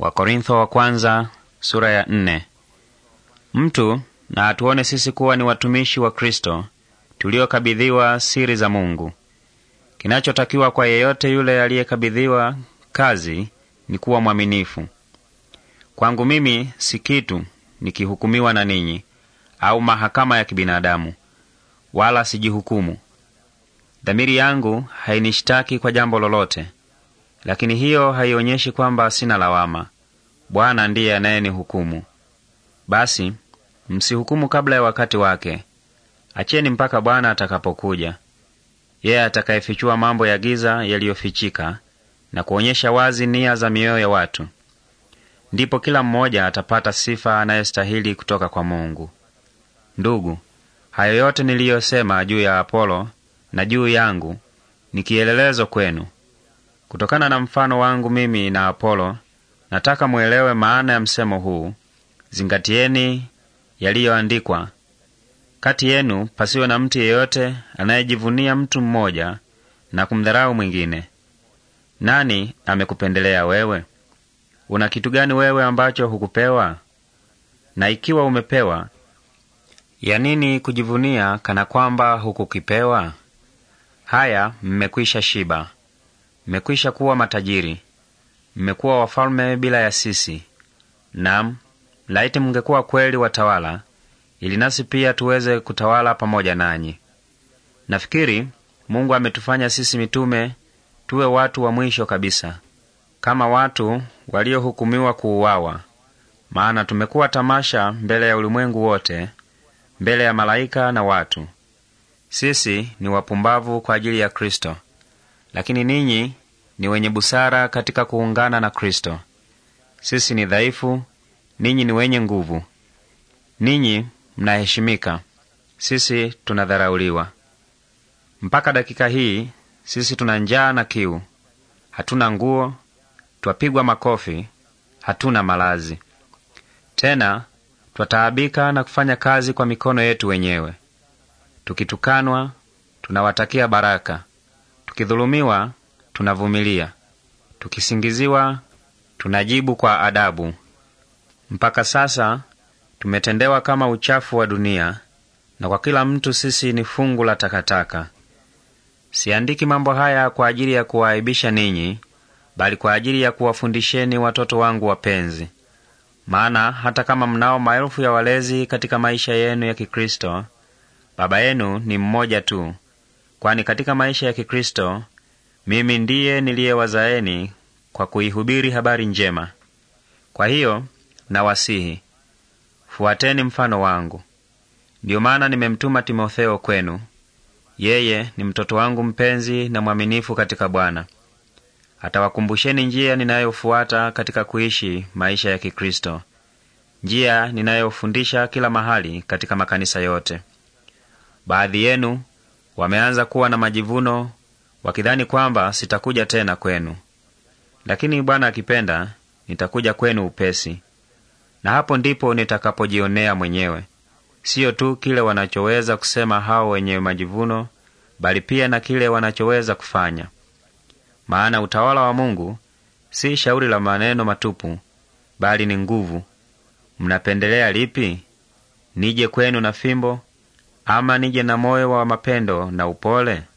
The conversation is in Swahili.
Wakorintho wa kwanza, sura ya nne. Mtu na atuone sisi kuwa ni watumishi wa Kristo tuliokabidhiwa siri za Mungu. Kinachotakiwa kwa yeyote yule aliyekabidhiwa kazi ni kuwa mwaminifu. Kwangu mimi si kitu nikihukumiwa na ninyi au mahakama ya kibinadamu, wala sijihukumu. Dhamiri yangu hainishtaki kwa jambo lolote lakini hiyo haionyeshi kwamba sina lawama. Bwana ndiye anayenihukumu. Basi msihukumu kabla ya wakati wake, acheni mpaka Bwana atakapokuja, yeye atakayefichua mambo ya giza yaliyofichika na kuonyesha wazi nia za mioyo ya watu. Ndipo kila mmoja atapata sifa anayostahili kutoka kwa Mungu. Ndugu, hayo yote niliyosema juu ya Apolo na juu yangu ni kielelezo kwenu. Kutokana na mfano wangu mimi na Apolo, nataka mwelewe maana ya msemo huu. Zingatieni yaliyoandikwa: kati yenu pasiwe na mtu yeyote anayejivunia mtu mmoja na kumdharau mwingine. Nani amekupendelea wewe? Una kitu gani wewe ambacho hukupewa? Na ikiwa umepewa, ya nini kujivunia kana kwamba hukukipewa? Haya, mmekwisha shiba mmekwisha kuwa matajiri, mmekuwa wafalme bila ya sisi. Nam, laiti mngekuwa kweli watawala, ili nasi pia tuweze kutawala pamoja nanyi. Nafikiri Mungu ametufanya sisi mitume tuwe watu wa mwisho kabisa, kama watu waliohukumiwa kuuawa, maana tumekuwa tamasha mbele ya ulimwengu wote, mbele ya malaika na watu. Sisi ni wapumbavu kwa ajili ya Kristo. Lakini ninyi ni wenye busara katika kuungana na Kristo. Sisi ni dhaifu, ninyi ni wenye nguvu. Ninyi mnaheshimika, sisi tunadharauliwa. Mpaka dakika hii sisi tuna njaa na kiu, hatuna nguo, twapigwa makofi, hatuna malazi. Tena twataabika na kufanya kazi kwa mikono yetu wenyewe. Tukitukanwa tunawatakia baraka, Tukidhulumiwa tunavumilia, tukisingiziwa tunajibu kwa adabu. Mpaka sasa tumetendewa kama uchafu wa dunia, na kwa kila mtu sisi ni fungu la takataka. Siandiki mambo haya kwa ajili ya kuwaaibisha ninyi, bali kwa ajili ya kuwafundisheni watoto wangu wapenzi. Maana hata kama mnao maelfu ya walezi katika maisha yenu ya Kikristo, Baba yenu ni mmoja tu, kwani katika maisha ya Kikristo mimi ndiye niliyewazaeni kwa kuihubiri habari njema. Kwa hiyo nawasihi, fuateni mfano wangu. Ndiyo maana nimemtuma Timotheo kwenu. Yeye ni mtoto wangu mpenzi na mwaminifu katika Bwana. Atawakumbusheni njia ninayofuata katika kuishi maisha ya Kikristo, njia ninayofundisha kila mahali katika makanisa yote. Baadhi yenu Wameanza kuwa na majivuno, wakidhani kwamba sitakuja tena kwenu, lakini Bwana akipenda nitakuja kwenu upesi, na hapo ndipo nitakapojionea mwenyewe siyo tu kile wanachoweza kusema hao wenye majivuno, bali pia na kile wanachoweza kufanya. Maana utawala wa Mungu si shauri la maneno matupu, bali ni nguvu. Mnapendelea lipi? Nije kwenu na fimbo ama nije na moyo wa mapendo na upole?